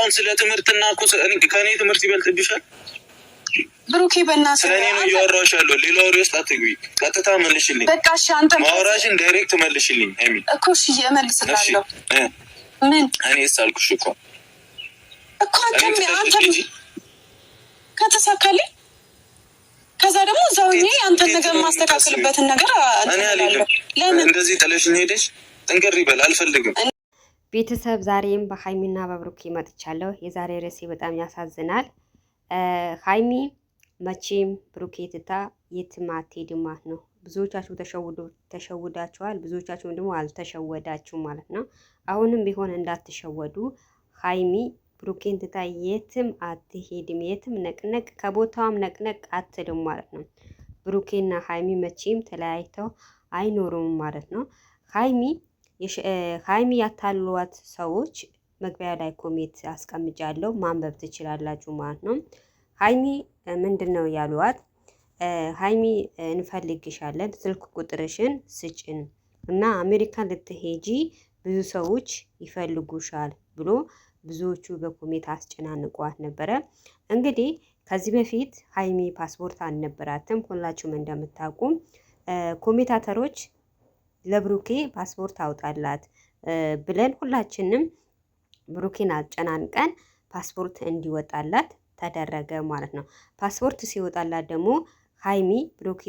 አሁን ስለ ትምህርትና ከእኔ ትምህርት ይበልጥብሻል። ብሩኬ በእናትህ ስለ እኔ ነው እያወራሁሽ ያለው። ሌላ ወሬ ውስጥ አትግቢ። ቀጥታ መልሽልኝ። በቃ እሺ፣ አንተ ማውራሽን ዳይሬክት መልሽልኝ እኮ እሺ። እመልስላለሁ። ምን እኔ ሳልኩሽ እኮ እኮ አንተ ከተሳካልኝ ከዛ ደግሞ እዛው እኔ አንተን ነገር የማስተካከልበትን ነገር ለምን እንደዚህ ጥለሽኝ ሄደሽ? ጥንቅር ይበል አልፈልግም። ቤተሰብ ዛሬም በሀይሚና በብሩኬ መጥቻለሁ። የዛሬ ርዕሴ በጣም ያሳዝናል። ሀይሚ መቼም ብሩኬ ትታ የትም አትሄድም ማለት ነው። ብዙዎቻችሁ ተሸውዳችኋል፣ ብዙዎቻችሁም ደግሞ አልተሸወዳችሁም ማለት ነው። አሁንም ቢሆን እንዳትሸወዱ። ሀይሚ ብሩኬን ትታ የትም አትሄድም። የትም ነቅነቅ ከቦታዋም ነቅነቅ አትልም ማለት ነው። ብሩኬና ሀይሚ መቼም ተለያይተው አይኖሩም ማለት ነው። ሀይሚ ሀይሚ ያታሏት ሰዎች መግቢያ ላይ ኮሜት አስቀምጫለሁ ማንበብ ትችላላችሁ ማለት ነው። ሀይሚ ምንድን ነው ያሏት? ሀይሚ እንፈልግሻለን፣ ስልክ ቁጥርሽን ስጭን እና አሜሪካን ልትሄጂ ብዙ ሰዎች ይፈልጉሻል ብሎ ብዙዎቹ በኮሜት አስጨናንቋት ነበረ። እንግዲህ ከዚህ በፊት ሀይሚ ፓስፖርት አልነበራትም። ሁላችሁም እንደምታውቁ ኮሜታተሮች ለብሩኬ ፓስፖርት አውጣላት ብለን ሁላችንም ብሩኬን አጨናንቀን ፓስፖርት እንዲወጣላት ተደረገ ማለት ነው። ፓስፖርት ሲወጣላት ደግሞ ሀይሚ ብሩኬ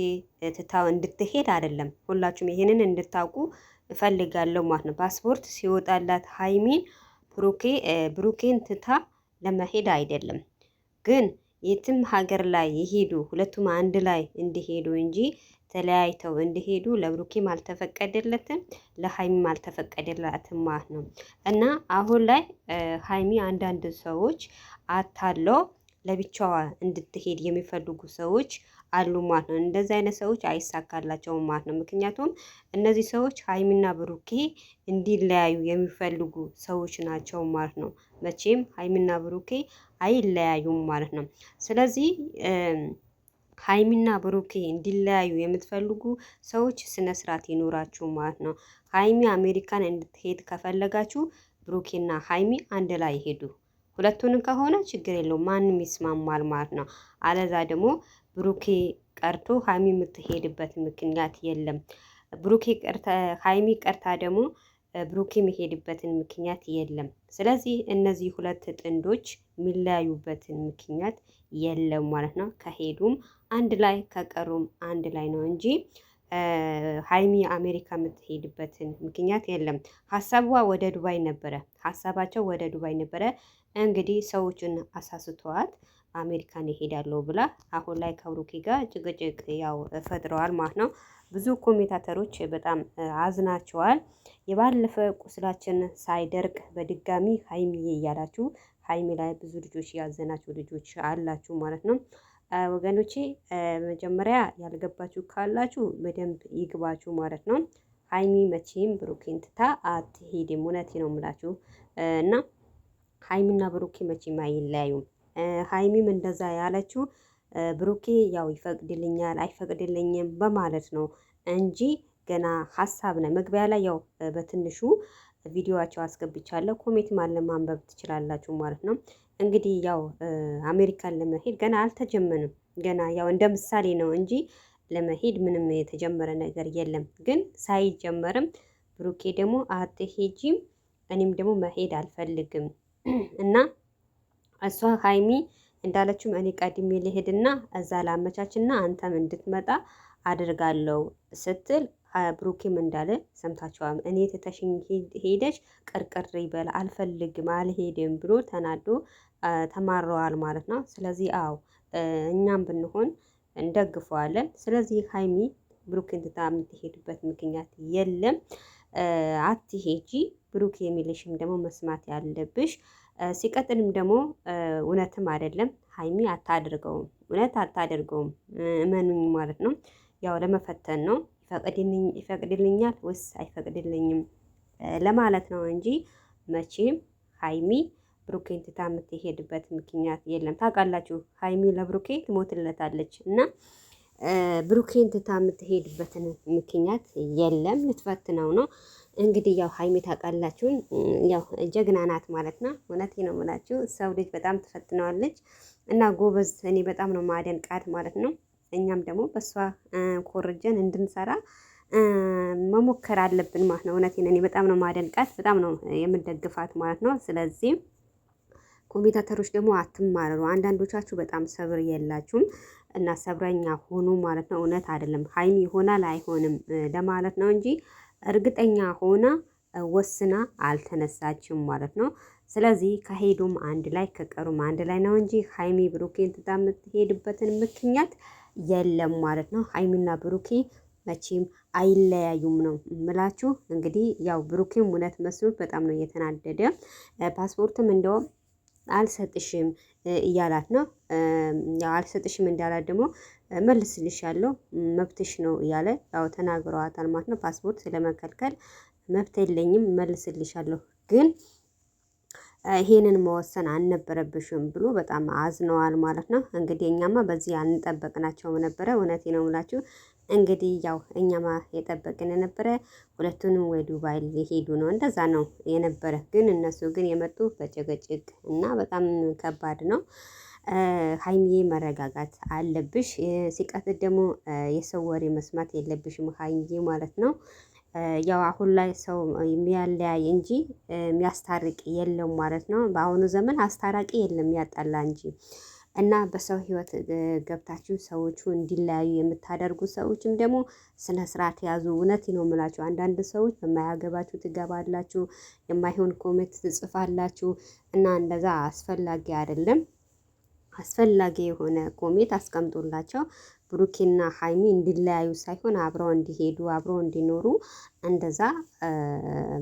ትታው እንድትሄድ አይደለም፣ ሁላችሁም ይሄንን እንድታውቁ እፈልጋለሁ ማለት ነው። ፓስፖርት ሲወጣላት ሀይሚን ብሩኬ ብሩኬን ትታ ለመሄድ አይደለም ግን የትም ሀገር ላይ ይሄዱ ሁለቱም አንድ ላይ እንዲሄዱ እንጂ ተለያይተው እንዲሄዱ ለብሩኪም አልተፈቀደለትም ለሀይሚም አልተፈቀደላትም ማለት ነው። እና አሁን ላይ ሀይሚ አንዳንድ ሰዎች አታለው ለብቻዋ እንድትሄድ የሚፈልጉ ሰዎች አሉ ማለት ነው። እንደዚህ አይነት ሰዎች አይሳካላቸውም ማለት ነው። ምክንያቱም እነዚህ ሰዎች ሀይሚና ብሩኬ እንዲለያዩ የሚፈልጉ ሰዎች ናቸው ማለት ነው። መቼም ሀይሚና ብሩኬ አይለያዩም ማለት ነው። ስለዚህ ሀይሚና ብሩኬ እንዲለያዩ የምትፈልጉ ሰዎች ስነ ስርዓት ይኖራችሁ ማለት ነው። ሀይሚ አሜሪካን እንድትሄድ ከፈለጋችሁ ብሩኬና ሀይሚ አንድ ላይ ሄዱ። ሁለቱንም ከሆነ ችግር የለውም ማንም ይስማማል ማለት ነው። አለዛ ደግሞ ብሩኬ ቀርቶ ሀይሚ የምትሄድበት ምክንያት የለም። ብሩኬ ቀርታ ሀይሚ ቀርታ ደግሞ ብሩኬ የሚሄድበትን ምክንያት የለም። ስለዚህ እነዚህ ሁለት ጥንዶች የሚለያዩበትን ምክንያት የለም ማለት ነው። ከሄዱም አንድ ላይ ከቀሩም አንድ ላይ ነው እንጂ ሀይሚ አሜሪካ የምትሄድበትን ምክንያት የለም። ሀሳቧ ወደ ዱባይ ነበረ። ሀሳባቸው ወደ ዱባይ ነበረ። እንግዲህ ሰዎችን አሳስተዋት አሜሪካን ይሄዳለሁ ብላ አሁን ላይ ከብሩኬ ጋር ጭቅጭቅ ያው ፈጥረዋል ማለት ነው። ብዙ ኮሜንታተሮች በጣም አዝናቸዋል። የባለፈ ቁስላችን ሳይደርቅ በድጋሚ ሀይሚዬ እያላችሁ ሀይሚ ላይ ብዙ ልጆች ያዘናችሁ ልጆች አላችሁ ማለት ነው። ወገኖቼ መጀመሪያ ያልገባችሁ ካላችሁ በደንብ ይግባችሁ ማለት ነው። ሀይሚ መቼም ብሩኬን ትታ አትሄድም። እውነቴ ነው የምላችሁ እና ሀይሚና ብሩኬ መቼም አይለያዩም። ሀይሚም እንደዛ ያለችው ብሩኬ ያው ይፈቅድልኛል አይፈቅድልኝም በማለት ነው እንጂ ገና ሀሳብ ነው። መግቢያ ላይ ያው በትንሹ ቪዲዮቸው አስገብቻለሁ። ኮሜንት ማለም ማንበብ ትችላላችሁ ማለት ነው። እንግዲህ ያው አሜሪካን ለመሄድ ገና አልተጀመንም። ገና ያው እንደ ምሳሌ ነው እንጂ ለመሄድ ምንም የተጀመረ ነገር የለም። ግን ሳይጀመርም ብሩኬ ደግሞ አትሄጂም፣ እኔም ደግሞ መሄድ አልፈልግም እና እሷ ሀይሚ እንዳለችም እኔ ቀድሜ ልሄድና እዛ ላመቻችና አንተም እንድትመጣ አድርጋለሁ ስትል ብሩኬም እንዳለ ሰምታችኋል። እኔ ትተሽኝ ሄደሽ ቅርቅር ይበል አልፈልግም አልሄድም ብሎ ተናዶ ተማረዋል ማለት ነው። ስለዚህ አዎ እኛም ብንሆን እንደግፈዋለን። ስለዚህ ሀይሚ ብሩኬን ትታ የምትሄድበት ምክንያት የለም። አትሄጂ ብሩክ የሚልሽም ደግሞ መስማት ያለብሽ። ሲቀጥልም ደግሞ እውነትም አይደለም ሀይሚ አታድርገውም፣ እውነት አታደርገውም እመኑኝ ማለት ነው። ያው ለመፈተን ነው። ይፈቅድልኛል ወይስ አይፈቅድልኝም ለማለት ነው እንጂ መቼም ሀይሚ ብሩኬን ትታ የምትሄድበት ምክንያት የለም። ታውቃላችሁ ሀይሚ ለብሩኬ ትሞትለታለች እና ብሩኬን ትታ የምትሄድበትን ምክንያት የለም። ልትፈትነው ነው። እንግዲህ ያው ሀይሚ ታውቃላችሁ፣ ያው ጀግና ናት ማለት ነው። እውነት ነው የምላችሁ ሰው ልጅ በጣም ትፈትነዋለች እና ጎበዝ፣ እኔ በጣም ነው ማደንቃት ማለት ነው። እኛም ደግሞ በእሷ ኮርጀን እንድንሰራ መሞከር አለብን ማለት ነው። እውነቴን እኔ በጣም ነው ማደንቃት፣ በጣም ነው የምደግፋት ማለት ነው። ስለዚህ ኮምፒውተሮች ደግሞ አትማረሩ። አንዳንዶቻችሁ በጣም ሰብር የላችሁም እና ሰብረኛ ሆኑ ማለት ነው። እውነት አይደለም ሀይሚ ይሆናል አይሆንም ለማለት ነው እንጂ እርግጠኛ ሆና ወስና አልተነሳችም ማለት ነው። ስለዚህ ከሄዱም አንድ ላይ ከቀሩም አንድ ላይ ነው እንጂ ሀይሚ ብሩኬን ትታ የምትሄድበትን ምክንያት የለም ማለት ነው። ሀይሚና ብሩኬ መቼም አይለያዩም ነው ምላችሁ። እንግዲህ ያው ብሩኬም እውነት መስሎት በጣም ነው እየተናደደ ፓስፖርትም እንደውም አልሰጥሽም እያላት ነው። ያው አልሰጥሽም እንዳላት ደግሞ መልስልሽ ያለው መብትሽ ነው እያለ ያው ተናግረዋታል ማለት ነው። ፓስፖርት ስለመከልከል መብት የለኝም መልስልሻለሁ ግን ይሄንን መወሰን አልነበረብሽም ብሎ በጣም አዝነዋል ማለት ነው። እንግዲህ እኛማ በዚህ አንጠበቅናቸውም ነበረ። እውነቴ ነው የምላችሁ እንግዲህ ያው እኛማ የጠበቅን የነበረ ሁለቱንም ወይ ዱባይ ሊሄዱ ነው እንደዛ ነው የነበረ። ግን እነሱ ግን የመጡ በጭቅጭቅ እና በጣም ከባድ ነው። ሀይሚዬ መረጋጋት አለብሽ። ሲቀጥል ደግሞ የሰው ወሬ መስማት የለብሽም ሀይሚዬ ማለት ነው። ያው አሁን ላይ ሰው የሚያለያይ እንጂ የሚያስታርቅ የለም ማለት ነው። በአሁኑ ዘመን አስታራቂ የለም ያጣላ እንጂ እና በሰው ህይወት ገብታችሁ ሰዎቹ እንዲለያዩ የምታደርጉ ሰዎችም ደግሞ ስነ ስርዓት ያዙ። እውነት ነው የምላችሁ አንዳንድ ሰዎች በማያገባችሁ ትገባላችሁ የማይሆን ኮሜንት ትጽፋላችሁ እና እንደዛ አስፈላጊ አይደለም አስፈላጊ የሆነ ኮሜት አስቀምጦላቸው ብሩኬና ሀይሚ እንዲለያዩ ሳይሆን አብረው እንዲሄዱ አብረው እንዲኖሩ እንደዛ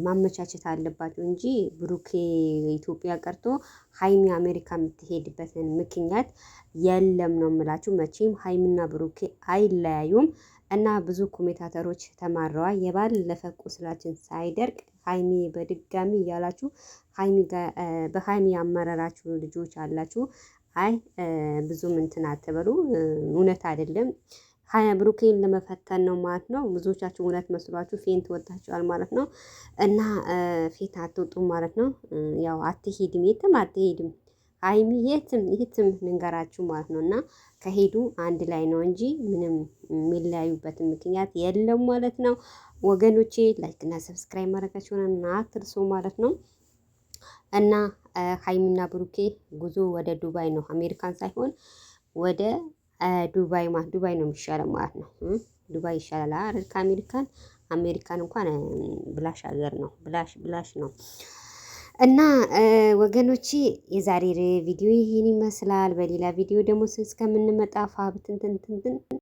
ማመቻቸት አለባቸው እንጂ ብሩኬ ኢትዮጵያ ቀርቶ ሀይሚ አሜሪካ የምትሄድበትን ምክንያት የለም ነው የምላችሁ። መቼም ሀይሚና ብሩኬ አይለያዩም እና ብዙ ኮሜታተሮች ተማረዋል። የባለፈ ቁስላችን ሳይደርቅ ሀይሚ በድጋሚ እያላችሁ በሀይሚ ያመረራችሁ ልጆች አላችሁ። አይ ብዙም እንትን አትበሉ እውነት አይደለም ብሩኬን ለመፈተን ነው ማለት ነው። ብዙዎቻችሁ እውነት መስሏችሁ ፌንት ወጣችኋል ማለት ነው። እና ፌት አትወጡ ማለት ነው። ያው አትሄድም፣ የትም አትሄድም ሀይሚ የትም የትም ልንገራችሁ ማለት ነው። እና ከሄዱ አንድ ላይ ነው እንጂ ምንም የሚለያዩበትን ምክንያት የለም ማለት ነው። ወገኖቼ ላይክና ሰብስክራይብ ማድረጋችሁን አትርሱ ማለት ነው እና ሀይሚና ብሩኬ ጉዞ ወደ ዱባይ ነው። አሜሪካን ሳይሆን ወደ ዱባይ ማ ዱባይ ነው የሚሻለው ማለት ነው። ዱባይ ይሻላል አይደል? ከአሜሪካን አሜሪካን እንኳን ብላሽ ሀገር ነው ብላሽ ብላሽ ነው። እና ወገኖቼ የዛሬ ቪዲዮ ይህን ይመስላል። በሌላ ቪዲዮ ደግሞ እስከምንመጣ ፋብትንትንትንትን